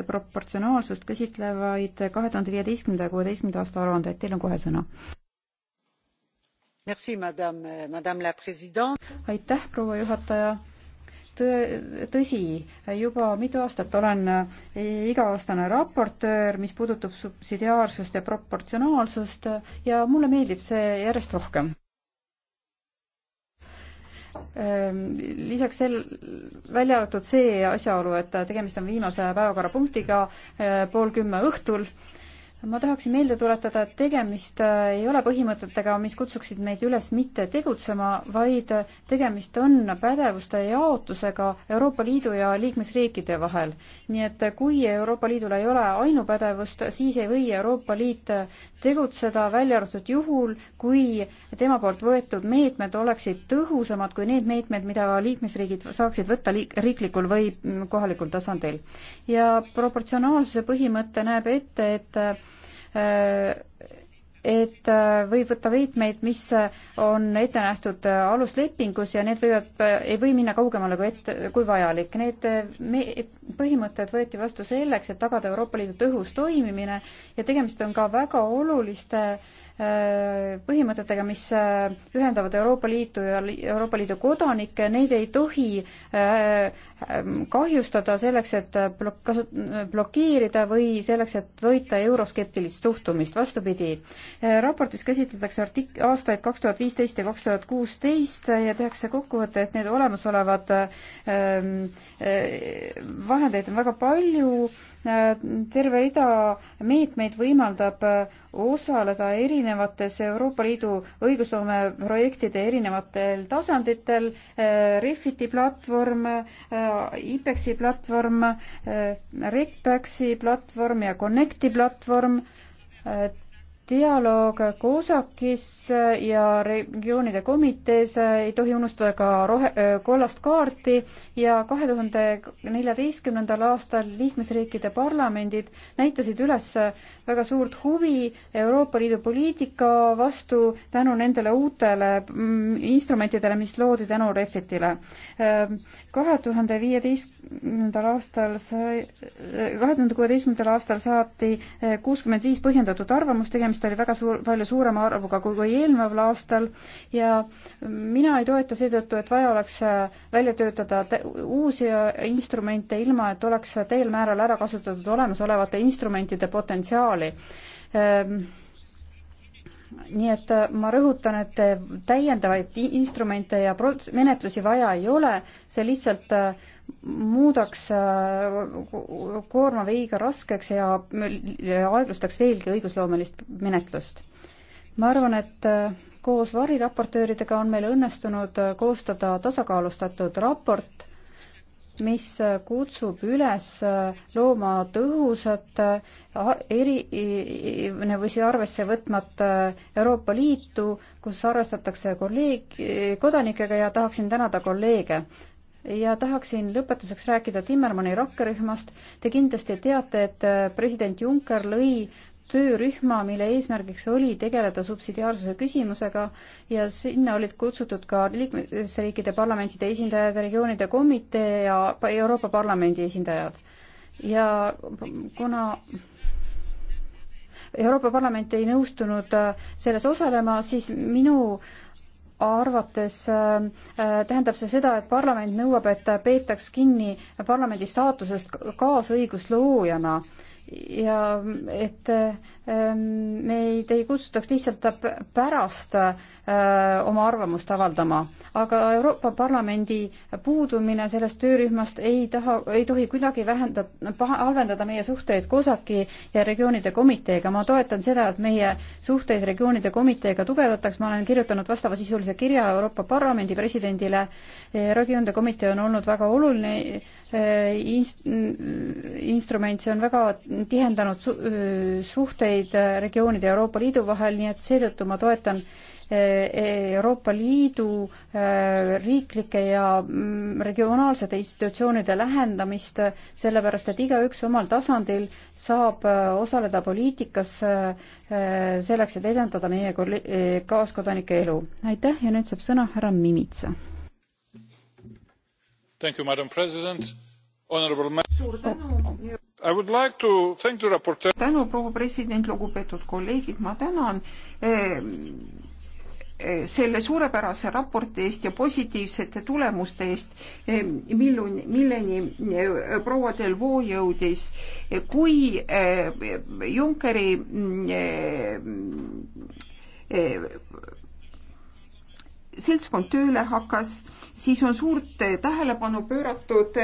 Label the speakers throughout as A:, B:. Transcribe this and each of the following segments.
A: ja proportsionaalsust käsitlevaid kahe tuhande viieteistkümnenda ja kuueteistkümnenda aasta aruandeid. Teil on kohe sõna. aitäh, proua juhataja tõsi, juba mitu aastat olen iga-aastane raportöör, mis puudutab subsidiaarsust ja proportsionaalsust ja mulle meeldib see järjest rohkem. Ehm, lisaks sel, välja arvatud see asjaolu, et äh, tegemist on viimase päevakorrapunktiga äh, pool kümme õhtul, ma tahaksin meelde tuletada, et tegemist äh, ei ole põhimõtetega, mis kutsuksid meid üles mitte tegutsema, vaid tegemist on pädevuste jaotusega Euroopa Liidu ja liikmesriikide vahel. nii et kui Euroopa Liidul ei ole ainupädevust, siis ei või Euroopa Liit tegutseda, välja arvatud juhul, kui tema poolt võetud meetmed oleksid tõhusamad kui need meetmed, mida liikmesriigid saaksid võtta liik-, riiklikul või kohalikul tasandil. ja proportsionaalsuse põhimõte näeb ette, et äh, et äh, võib võtta meetmeid, mis äh, on ette nähtud äh, aluslepingus ja need võivad, ei või minna kaugemale kui ette, kui vajalik. Need me-, põhimõtted võeti vastu selleks, et tagada Euroopa Liidu tõhus toimimine ja tegemist on ka väga oluliste äh, põhimõtetega, mis äh, ühendavad Euroopa Liitu ja Euroopa Liidu kodanikke, neid ei tohi äh, ähm, kahjustada selleks, et blok-, blokeerida või selleks, et toita euroskeptilist suhtumist, vastupidi. Äh, raportis käsitletakse artik-, aastaid kaks tuhat viisteist ja kaks tuhat kuusteist ja tehakse kokkuvõte, et need olemasolevad ähm, vahendeid on väga palju, terve rida meetmeid võimaldab äh, osaleda erinevates Euroopa Liidu õigusloome projektide erinevatel tasanditel, äh, Refiti platvorm, IPEX-i äh, platvorm, RegPaxi platvorm ja Connecti platvorm, dialoog COSAC-is ja regioonide komitees ei tohi unustada ka rohe, kollast kaarti ja kahe tuhande neljateistkümnendal aastal liikmesriikide parlamendid näitasid üles väga suurt huvi Euroopa Liidu poliitika vastu tänu nendele uutele mm, instrumentidele, mis loodi tänu Refitile. kahe tuhande viieteist, kuueteistkümnendal aastal sai, kahe tuhande kuueteistkümnendal aastal saati eh, kuuskümmend viis põhjendatud arvamust, tegemist oli väga suur, palju suurema arvuga kui, kui eelneval aastal ja mina ei toeta seetõttu, et vaja oleks eh, välja töötada uusi eh, instrumente, ilma et oleks täiel määral ära kasutatud olemasolevate instrumentide potentsiaali ehm, nii et äh, ma rõhutan, et äh, täiendavaid instrumente ja menetlusi vaja ei ole, see lihtsalt äh, muudaks koorma veiga raskeks ja aeglustaks veelgi õigusloomelist menetlust. ma arvan, et koos variraportööridega on meil õnnestunud koostada tasakaalustatud raport, mis kutsub üles looma tõhusat äh, eri, erinevusi äh, arvesse võtmata äh, Euroopa Liitu, kus arvestatakse kolleeg, kodanikega ja tahaksin tänada kolleege ja tahaksin lõpetuseks rääkida Timmermanni rakkerühmast. Te kindlasti teate, et president Juncker lõi töörühma, mille eesmärgiks oli tegeleda subsidiaarsuse küsimusega ja sinna olid kutsutud ka liikmesriikide parlamentide esindajad, regioonide komitee ja Euroopa Parlamendi esindajad. ja kuna Euroopa Parlament ei nõustunud äh, selles osalema, siis minu arvates äh, äh, tähendab see seda, et parlament nõuab, et peetaks kinni parlamendi staatusest kaasõigusloojana äh, ja et ähm, meid ei kutstaks lihtsalt pärast äh, oma arvamust avaldama, aga Euroopa Parlamendi puudumine sellest töörühmast ei taha, ei tohi kuidagi vähendada, halvendada meie suhteid COSAC-i ja regioonide komiteega. ma toetan seda, et meie suhteid regioonide komiteega tugevdataks, ma olen kirjutanud vastavasisulise kirja Euroopa Parlamendi presidendile. E, regioonide komitee on olnud väga oluline e, inst-, instrument, see on väga tihendanud su suhteid äh, regioonide Euroopa Liidu vahel, nii et seetõttu ma toetan äh, e, Euroopa Liidu äh, riiklike ja mm, regionaalsete institutsioonide lähendamist, sellepärast et igaüks omal tasandil saab osaleda poliitikas selleks, et edendada meie e, kaaskodanike elu. aitäh ja nüüd saab sõna härra Mimitsa.
B: suur tänu Like tänu, proua president, lugupeetud kolleegid, ma tänan ehm, e, selle suurepärase raporti eest ja positiivsete tulemuste eest, ehm, milluni, milleni e, proua Delvaux jõudis. E, kui Junckeri seltskond tööle hakkas, siis on suurt tähelepanu pööratud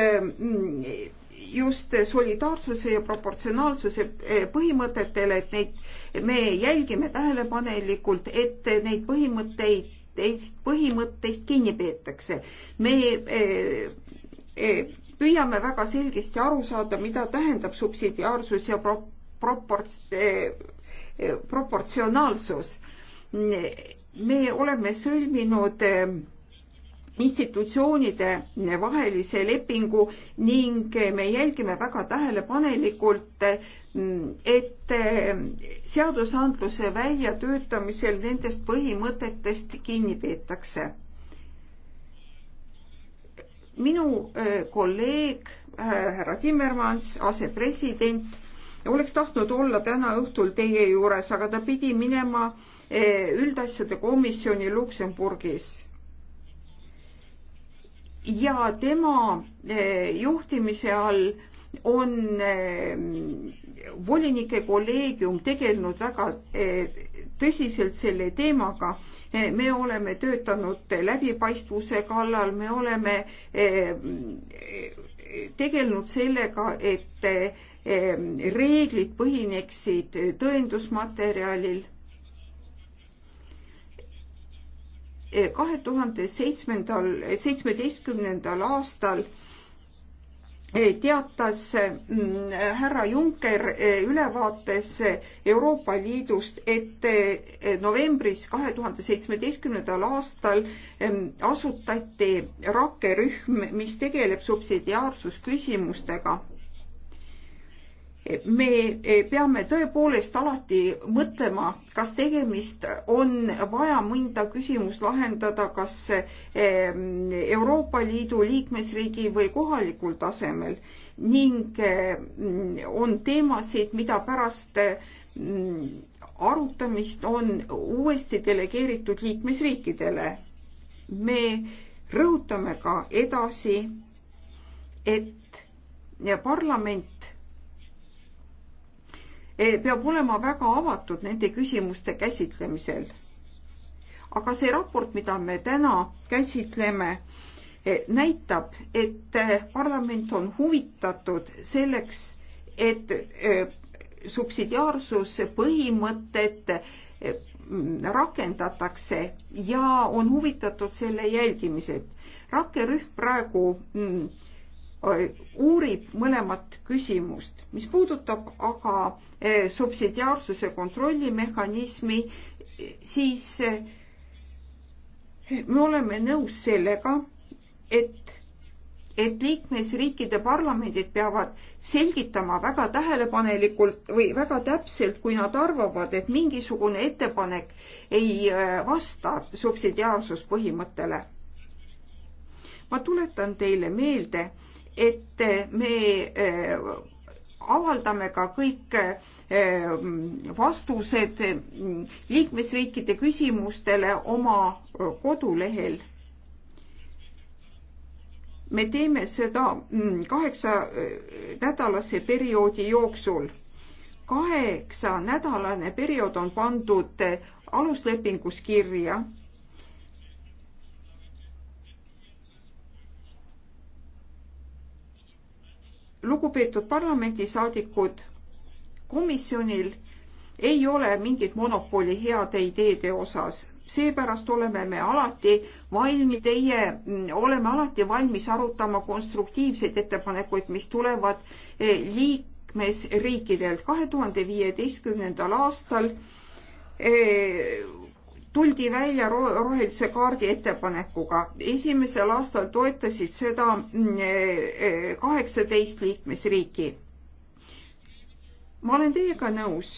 B: just solidaarsuse ja proportsionaalsuse eh, põhimõtetele, et neid me jälgime tähelepanelikult, et neid põhimõtteid, teist põhimõtteist kinni peetakse. me eh, eh, püüame väga selgesti aru saada, mida tähendab subsidiaarsus ja pro-, proports-, proportsionaalsus. me oleme sõlminud institutsioonide vahelise lepingu ning me jälgime väga tähelepanelikult, et seadusandluse väljatöötamisel nendest põhimõtetest kinni peetakse. minu äh, kolleeg äh, härra Timmermans, asepresident, oleks tahtnud olla täna õhtul teie juures, aga ta pidi minema äh, üldasjade komisjoni Luksemburgis ja tema eh, juhtimise all on eh, volinike kolleegium tegelenud väga eh, tõsiselt selle teemaga. me oleme töötanud läbipaistvuse kallal, me oleme tegelenud sellega, et reeglid põhineksid tõendusmaterjalil kahe tuhande seitsmendal, seitsmeteistkümnendal aastal eh, teatas mm, härra Juncker eh, ülevaates eh, Euroopa Liidust, et novembris kahe tuhande seitsmeteistkümnendal aastal asutati rakkerühm, mis tegeleb subsidiaarsusküsimustega me eh, peame tõepoolest alati mõtlema, kas tegemist on vaja mõnda küsimust lahendada, kas eh, Euroopa Liidu liikmesriigi või kohalikul tasemel ning eh, on teemasid, mida pärast mm, arutamist on uuesti delegeeritud liikmesriikidele. me rõhutame ka edasi, et parlament Eh, peab olema väga avatud nende küsimuste käsitlemisel. aga see raport, mida me täna käsitleme, eh, näitab, et eh, parlament on huvitatud selleks, et subsidiaarsuse põhimõtet rakendatakse ja on huvitatud selle jälgimised. rakkerühm praegu mm, Äh, uurib mõlemat küsimust, mis puudutab aga äh, subsidiaarsuse kontrollimehhanismi, siis äh, me oleme nõus sellega, et, et liikmesriikide parlamendid peavad selgitama väga tähelepanelikult või väga täpselt, kui nad arvavad, et mingisugune ettepanek ei vasta subsidiaarsuspõhimõttele. ma tuletan teile meelde, et me eh, avaldame ka kõik eh, vastused liikmesriikide küsimustele oma eh, kodulehel. me teeme seda mm, kaheksa nädalase perioodi jooksul. kaheksanädalane periood on pandud aluslepingus kirja lugupeetud parlamendisaadikud, komisjonil ei ole mingit monopoli heade ideede osas, seepärast oleme me alati valmis, teie, mm, oleme alati valmis arutama konstruktiivseid ettepanekuid, mis tulevad eh, liikmesriikidelt. kahe tuhande viieteistkümnendal aastal eh, tuldi välja rohelise kaardi ettepanekuga. esimesel aastal toetasid seda mm, eh, eh, kaheksateist liikmesriiki. ma olen teiega nõus,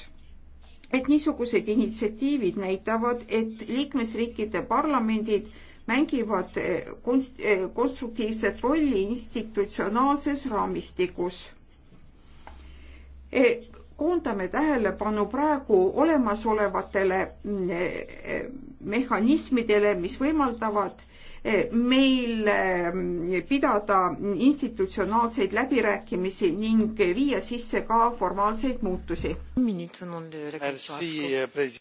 B: et niisugused initsiatiivid näitavad, et liikmesriikide parlamendid mängivad eh, konst-, konstruktiivset rolli institutsionaalses raamistikus koondame tähelepanu praegu olemasolevatele eh, mehhanismidele, mis võimaldavad eh, meil eh, pidada institutsionaalseid läbirääkimisi ning viia sisse ka formaalseid muutusi.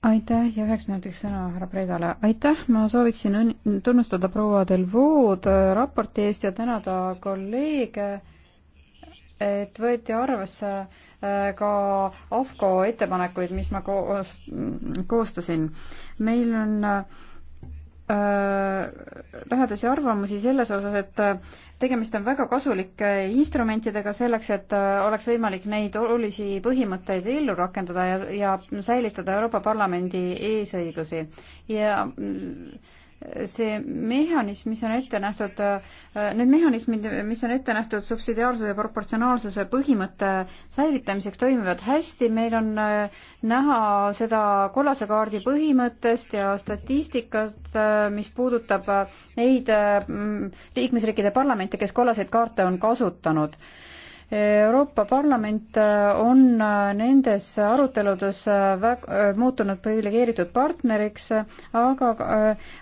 B: aitäh ja üheks minutiks
A: sõna härra Preidale. aitäh, ma sooviksin õnn-, tunnustada proua Delvood äh, raporti eest ja tänada kolleege, et võeti arvesse ka AFCO ettepanekuid, mis ma koos, koostasin. meil on äh, lähedasi arvamusi selles osas, et äh, tegemist on väga kasulike instrumentidega selleks, et äh, oleks võimalik neid olulisi põhimõtteid ellu rakendada ja, ja säilitada Euroopa Parlamendi eesõigusi ja mm, see mehhanism, mis on ette nähtud, äh, need mehhanismid, mis on ette nähtud subsidiaalsuse ja proportsionaalsuse põhimõtte säilitamiseks, toimivad hästi, meil on äh, näha seda kollase kaardi põhimõttest ja statistikast, äh, mis puudutab neid liikmesriikide parlamente, kes kollaseid kaarte on kasutanud Euroopa Parlament äh, on äh, nendes aruteludes äh, väg-, muutunud priviligeeritud partneriks, aga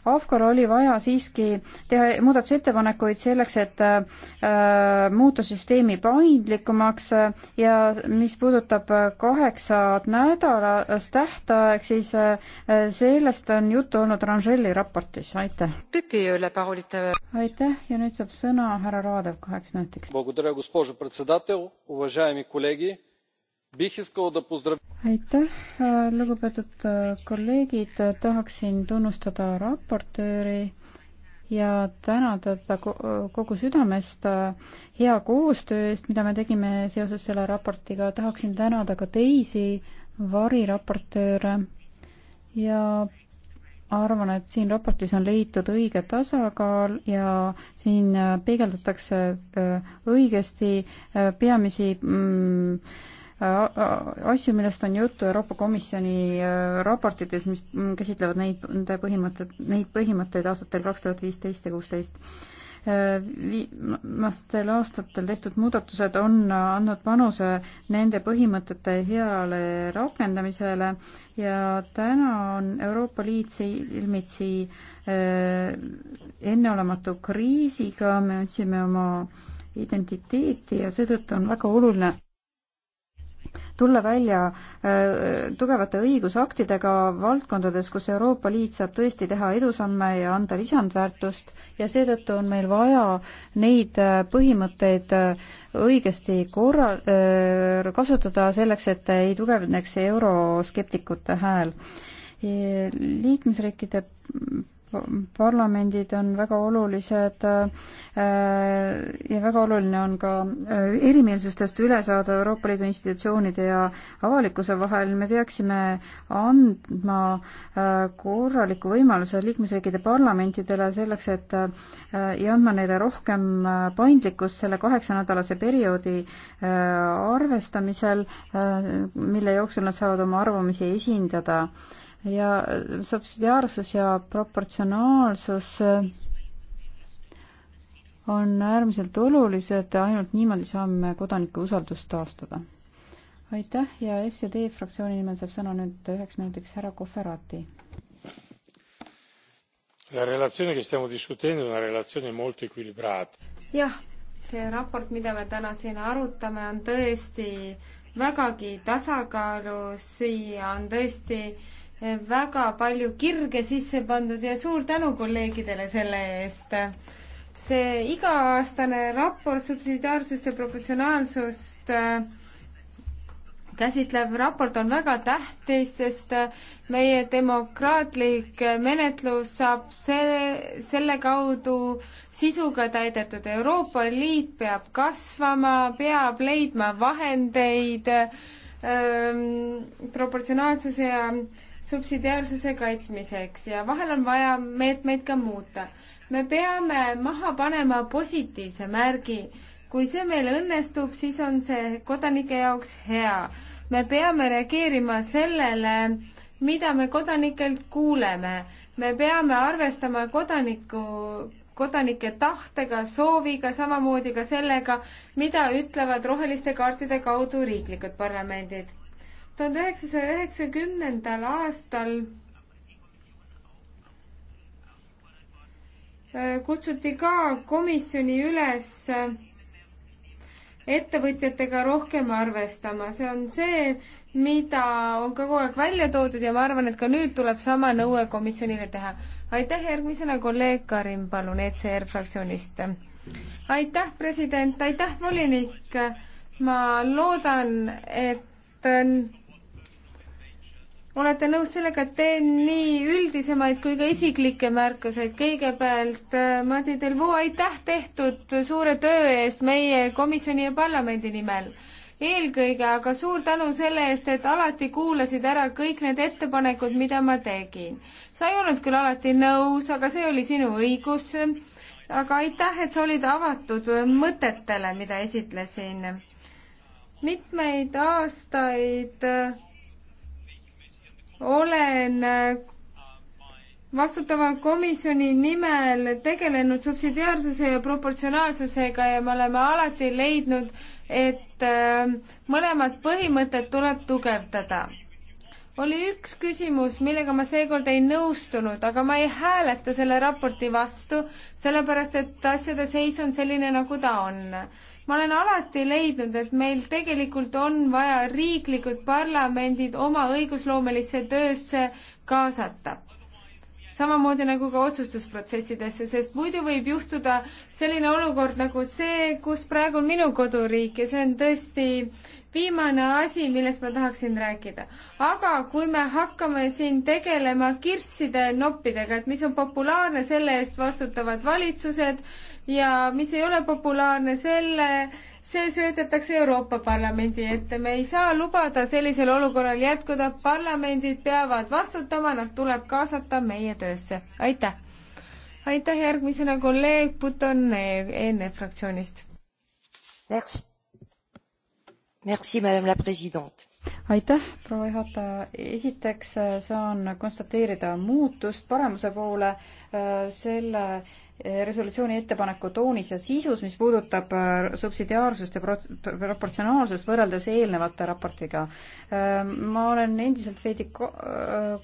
A: AFCO-l oli vaja siiski teha muudatusettepanekuid selleks, et muuta süsteemi paindlikumaks ja mis puudutab kaheksat nädalast tähtaeg, siis sellest on juttu olnud Rangelli raportis, aitäh. aitäh ja nüüd saab sõna härra Raadev kaheks minutiks
C: председател уважаеми колеги бих искал да поздравя
A: aitäh, lugupeetud äh, kolleegid, tahaksin tunnustada raportööri ja tänada teda kogu südamest äh, hea koostöö eest, mida me tegime seoses selle raportiga, tahaksin tänada ka teisi variraportööre ja arvan, et siin raportis on leitud õige tasakaal ja siin äh, peegeldatakse äh, õigesti äh, peamisi mm, asju, millest on juttu Euroopa Komisjoni raportites, mis mm, käsitlevad neid, nende põhimõtted, neid põhimõtteid aastatel kaks tuhat viisteist ja kuusteist viimastel aastatel tehtud muudatused on andnud panuse nende põhimõtete heale rakendamisele ja täna on Euroopa Liit silmitsi eh, enneolematu kriisiga, me otsime oma identiteeti ja seetõttu on väga oluline tulla välja äh, tugevate õigusaktidega valdkondades, kus Euroopa Liit saab tõesti teha edusamme ja anda lisandväärtust ja seetõttu on meil vaja neid äh, põhimõtteid äh, õigesti korra-, kasutada selleks, et ei tugevneks euroskeptikute hääl. liikmesriikide parlamendid on väga olulised äh, ja väga oluline on ka äh, erimeelsustest üle saada Euroopa Liidu institutsioonide ja avalikkuse vahel. me peaksime andma äh, korraliku võimaluse liikmesriikide parlamentidele selleks, et ja andma neile rohkem paindlikkust selle kaheksanädalase perioodi arvestamisel, mille jooksul nad saavad oma arvamusi esindada ja subsidiaarsus ja proportsionaalsus äh, on äärmiselt olulised, ainult niimoodi saame kodanike usaldust taastada. aitäh ja SED fraktsiooni nimel saab sõna nüüd üheks minutiks härra Kohverati.
C: jah, see raport, mida me täna siin arutame, on tõesti vägagi tasakaalus, siia on tõesti äh, väga palju kirge sisse pandud ja suur tänu kolleegidele selle eest. see iga-aastane raport subsidiaarsust ja proportsionaalsust äh, käsitlev raport on väga tähtis, sest äh, meie demokraatlik menetlus saab selle, selle kaudu sisuga täidetud. Euroopa Liit peab kasvama, peab leidma vahendeid öö, ähm, proportsionaalsuse ja öö, subsidiaarsuse kaitsmiseks ja vahel on vaja meetmeid ka muuta. me peame maha panema positiivse märgi. kui see meil õnnestub, siis on see kodanike jaoks hea. me peame reageerima sellele, mida me kodanikelt kuuleme. me peame arvestama kodaniku, kodanike tahtega, sooviga, samamoodi ka sellega, mida ütlevad roheliste kaartide kaudu riiklikud parlamendid tuhande üheksasaja üheksakümnendal aastal äh, kutsuti ka komisjoni üles äh, ettevõtjatega rohkem arvestama, see on see, mida on kogu aeg välja toodud ja ma arvan, et ka nüüd tuleb sama nõue komisjonile teha. aitäh, järgmisena kolleeg Karin, palun, ECR fraktsioonist. aitäh, president, aitäh, volinik. ma loodan, et olete nõus sellega, et teen nii üldisemaid kui ka isiklikke märkuseid. kõigepealt, äh, Madis Delvaux, aitäh tehtud suure töö eest meie komisjoni ja parlamendi nimel eelkõige aga suur tänu selle eest, et alati kuulasid ära kõik need ettepanekud, mida ma tegin. sa ei olnud küll alati nõus, aga see oli sinu õigus. aga aitäh, et sa olid avatud mõtetele, mida esitlesin. mitmeid aastaid äh, olen äh, vastutava komisjoni nimel tegelenud subsidiaarsuse ja proportsionaalsusega ja me oleme alati leidnud, et äh, mõlemat põhimõtet tuleb tugevdada oli üks küsimus, millega ma seekord ei nõustunud, aga ma ei hääleta selle raporti vastu, sellepärast et asjade seis on selline, nagu ta on. ma olen alati leidnud, et meil tegelikult on vaja riiklikud parlamendid oma õigusloomelisse töösse kaasata samamoodi nagu ka otsustusprotsessidesse, sest muidu võib juhtuda selline olukord nagu see, kus praegu on minu koduriik ja see on tõesti viimane asi, millest ma tahaksin rääkida. aga kui me hakkame siin tegelema kirsside noppidega, et mis on populaarne, selle eest vastutavad valitsused ja mis ei ole populaarne, selle, see söödetakse Euroopa Parlamendi ette. me ei saa lubada sellisel olukorral jätkuda, parlamendid peavad vastutama, nad tuleb kaasata meie töösse. aitäh! aitäh, järgmisena kolleeg Puton ENF fraktsioonist. Next
A: aitäh, proua juhataja. esiteks äh, saan konstateerida muutust paremuse poole äh, selle äh, resolutsiooni ettepaneku toonis ja sisus, mis puudutab subsidiaarsust ja proportsionaalsust võrreldes eelnevate raportiga. ma olen endiselt veidi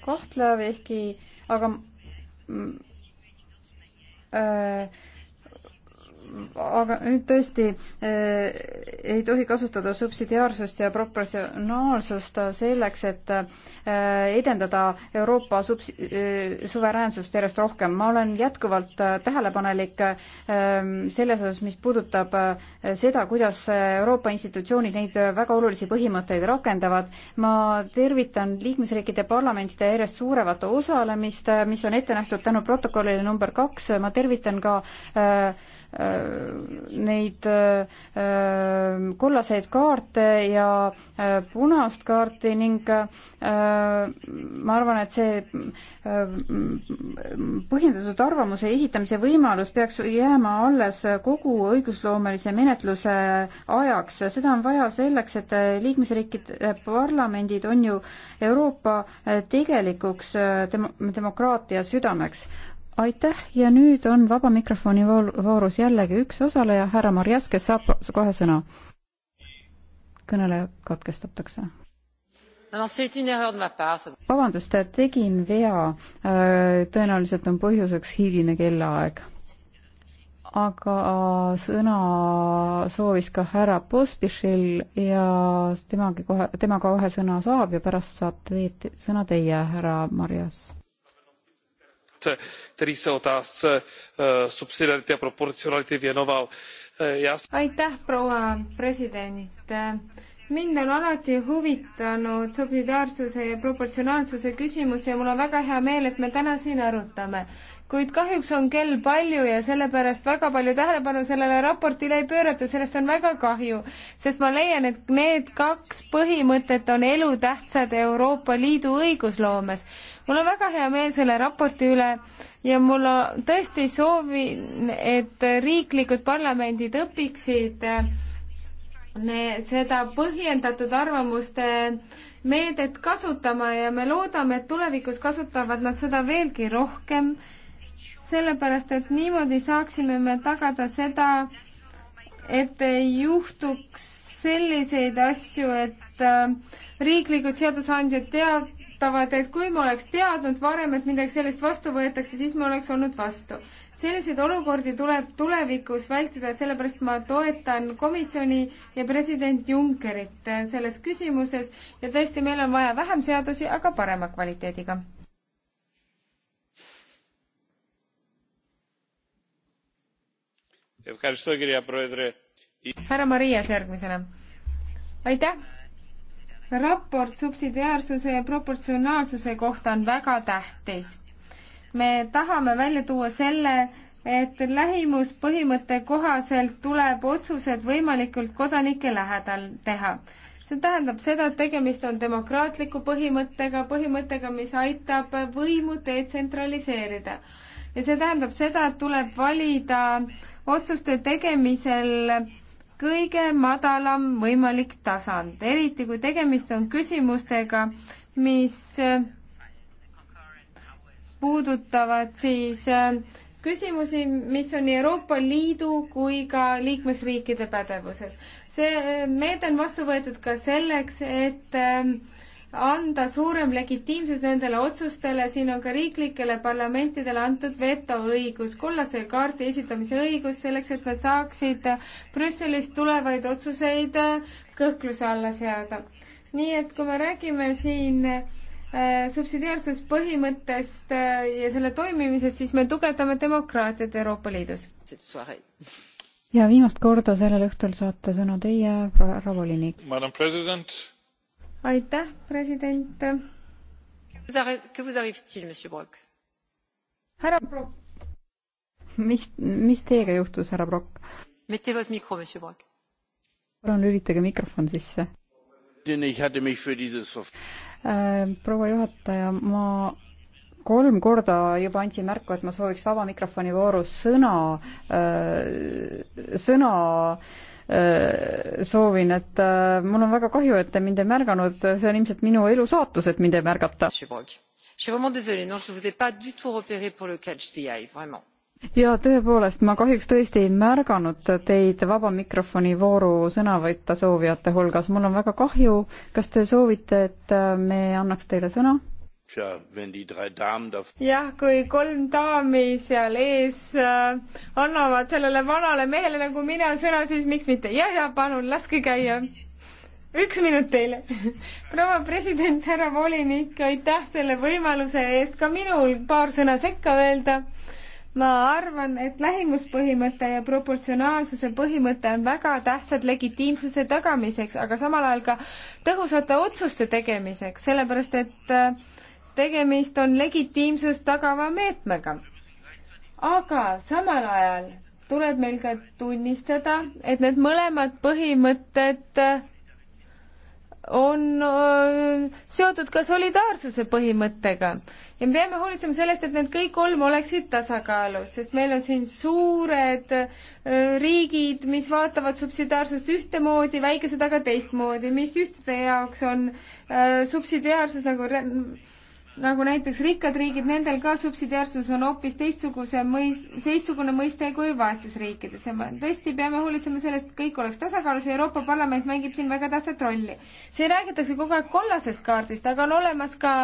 A: kahtlev, ehkki, aga äh, aga nüüd tõesti eh, ei tohi kasutada subsidiaarsust ja proportsionaalsust selleks, et eh, edendada Euroopa subs-, eh, suveräänsust järjest rohkem. ma olen jätkuvalt tähelepanelik selles osas, mis puudutab seda, kuidas Euroopa institutsioonid neid väga olulisi põhimõtteid rakendavad. ma tervitan liikmesriikide parlamentide järjest suuremat osalemist, mis on ette nähtud tänu protokollile number kaks, ma tervitan ka äh, Äh, neid äh, kollaseid kaarte ja äh, punast kaarti ning ma arvan, et see põhjendatud arvamuse esitamise võimalus peaks jääma alles kogu õigusloomelise menetluse ajaks. seda on vaja selleks, et liikmesriikide parlamendid on ju Euroopa tegelikuks dem demokraatia südameks aitäh ja nüüd on vaba mikrofoni voorus jällegi üks osaleja, härra Marjas, kes saab kohe sõna. kõneleja katkestatakse. vabandust, tegin vea. Äh, tõenäoliselt on põhjuseks hiline kellaaeg. aga sõna soovis ka härra Pospišil ja temagi kohe, tema kohe sõna saab ja pärast saate sõna teie, härra Marjas
B: frakce který se otázce eh, subsidiarity a proporcionality věnoval. Eh,
C: aitäh proua president! mind on alati huvitanud subsidiaarsuse ja proportsionaalsuse küsimus ja mul on väga hea meel, et me täna siin arutame kuid kahjuks on kell palju ja sellepärast väga palju tähelepanu sellele raportile ei pöörata, sellest on väga kahju, sest ma leian, et need kaks põhimõtet on elutähtsad Euroopa Liidu õigusloomes. mul on väga hea meel selle raporti üle ja mul tõesti soovin, et riiklikud parlamendid õpiksid seda põhjendatud arvamuste meedet kasutama ja me loodame, et tulevikus kasutavad nad seda veelgi rohkem sellepärast et niimoodi saaksime me tagada seda, et ei juhtuks selliseid asju, et äh, riiklikud seadusandjad teatavad, et kui ma oleks teadnud varem, et midagi sellist vastu võetakse, siis ma oleks olnud vastu. selliseid olukordi tuleb tulevikus vältida, sellepärast ma toetan komisjoni ja president Junckerit selles küsimuses ja tõesti, meil on vaja vähem seadusi, aga parema kvaliteediga härra Marias järgmisena. aitäh! raport subsidiaarsuse ja proportsionaalsuse kohta on väga tähtis. me tahame välja tuua selle, et lähimuspõhimõtte kohaselt tuleb otsused võimalikult kodanike lähedal teha. see tähendab seda, et tegemist on demokraatliku põhimõttega, põhimõttega, mis aitab võimu detsentraliseerida. ja see tähendab seda, et tuleb valida otsuste tegemisel kõige madalam võimalik tasand, eriti kui tegemist on küsimustega, mis puudutavad siis äh, küsimusi, mis on nii Euroopa Liidu kui ka liikmesriikide pädevuses. see äh, meede on vastu võetud ka selleks, et äh, anda suurem legitiimsus nendele otsustele, siin on ka riiklikele parlamentidele antud vetoõigus, kollase kaardi esitamise õigus selleks, et nad saaksid Brüsselist tulevaid otsuseid kõhkluse alla seada. nii et kui me räägime siin äh, subsidiaarsuspõhimõttest äh, ja selle toimimisest, siis me tugevdame demokraatiat Euroopa Liidus.
A: ja viimast korda sellel õhtul saate sõna teie, proua volinik.
B: Madam President
A: aitäh,
C: president.
A: härra Brock, mis, mis teiega juhtus, härra Brock? palun lülitage mikrofon sisse. Äh, proua juhataja, ma kolm korda juba andsin märku, et ma sooviks vaba mikrofoni voorus sõna, äh, sõna soovin, et mul on väga kahju, et te mind ei märganud, see on ilmselt minu elu saatus, et mind ei märgata. ja tõepoolest, ma kahjuks tõesti ei märganud teid vaba mikrofoni vooru sõnavõtta soovijate hulgas, mul on väga kahju. kas te soovite, et me annaks teile sõna?
B: jah,
C: kui kolm daami seal ees äh, annavad sellele vanale mehele nagu mina sõna, siis miks mitte ja, ja palun, laske käia. üks minut teile. proua president, härra volinik, aitäh selle võimaluse eest ka minul paar sõna sekka öelda. ma arvan, et lähimuspõhimõte ja proportsionaalsuse põhimõte on väga tähtsad legitiimsuse tagamiseks, aga samal ajal ka tõhusate otsuste tegemiseks, sellepärast et äh, tegemist on legitiimsust tagava meetmega. aga samal ajal tuleb meil ka tunnistada, et need mõlemad põhimõtted on äh, seotud ka solidaarsuse põhimõttega ja me peame hoolitsema sellest, et need kõik kolm oleksid tasakaalus, sest meil on siin suured äh, riigid, mis vaatavad subsidiaarsust ühtemoodi, väikesed aga teistmoodi, mis ühtede jaoks on äh, subsidiaarsus nagu nagu näiteks rikkad riigid, nendel ka subsidiaarsus on hoopis teistsuguse mõis-, teistsugune mõiste kui vaestes riikides ja me tõesti peame hoolitsema sellest, et kõik oleks tasakaalus ja Euroopa Parlament mängib siin väga tähtsat rolli. siin räägitakse kogu aeg kollasest kaardist, aga on olemas ka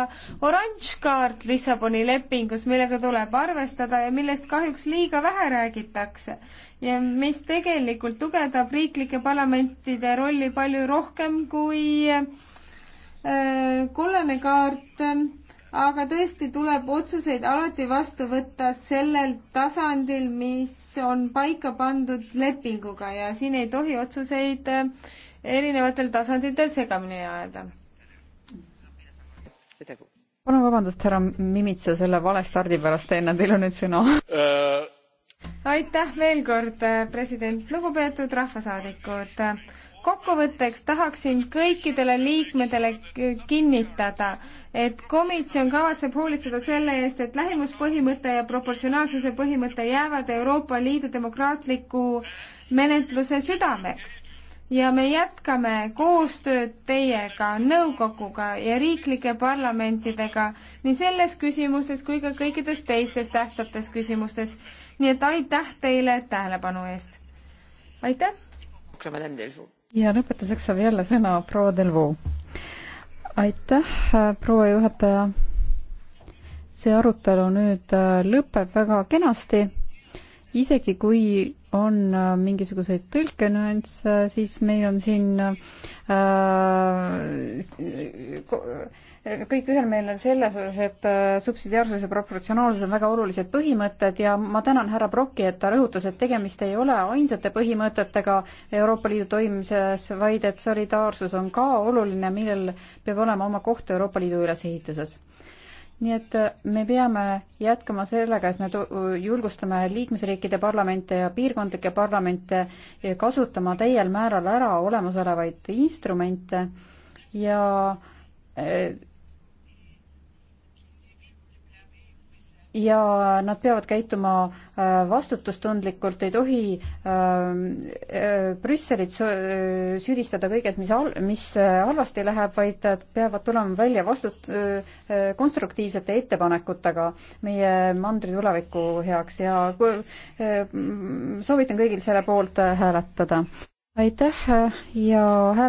C: oranž kaart Lissaboni lepingus, millega tuleb arvestada ja millest kahjuks liiga vähe räägitakse. ja mis tegelikult tugevdab riiklike parlamentide rolli palju rohkem kui äh, kollane kaart aga tõesti tuleb otsuseid alati vastu võtta sellel tasandil, mis on paika pandud lepinguga ja siin ei tohi otsuseid eh, erinevatel tasanditel segamini ajada.
A: palun vabandust, härra Mimitsa, selle vale stardi pärast enne, teil on nüüd sõna äh.
C: aitäh veel kord, eh, president, lugupeetud rahvasaadikud kokkuvõtteks tahaksin kõikidele liikmedele kinnitada, et komisjon kavatseb hoolitseda selle eest, et lähimuspõhimõte ja proportsionaalsuse põhimõte jäävad Euroopa Liidu demokraatliku menetluse südameks. ja me jätkame koostööd teiega, nõukoguga ja riiklike parlamentidega nii selles küsimuses kui ka kõikides teistes tähtsates küsimustes. nii et aitäh teile tähelepanu eest! aitäh! madame delvaux
A: ja lõpetuseks saab jälle sõna proua Delvaux. aitäh, äh, proua juhataja. see arutelu nüüd äh, lõpeb väga kenasti. isegi kui on äh, mingisuguseid tõlkenüansse, siis meil on siin äh, kõik ühel meelel selles osas, et äh, subsidiaarsus ja proportsionaalsus on väga olulised põhimõtted ja ma tänan härra Brocki, et ta rõhutas, et tegemist ei ole ainsate põhimõtetega Euroopa Liidu toimimises, vaid et solidaarsus on ka oluline, millel peab olema oma koht Euroopa Liidu ülesehituses nii et äh, me peame jätkama sellega, et me julgustame liikmesriikide parlamente ja piirkondlikke parlamente kasutama täiel määral ära olemasolevaid instrumente ja äh, ja nad peavad käituma äh, vastutustundlikult, ei tohi ähm, äh, Brüsselit äh, süüdistada kõiges, mis al-, mis halvasti läheb, vaid peavad tulema välja vastut-, konstruktiivsete ettepanekutega meie mandri tuleviku heaks ja soovitan kõigil selle poolt hääletada. aitäh ja hääle-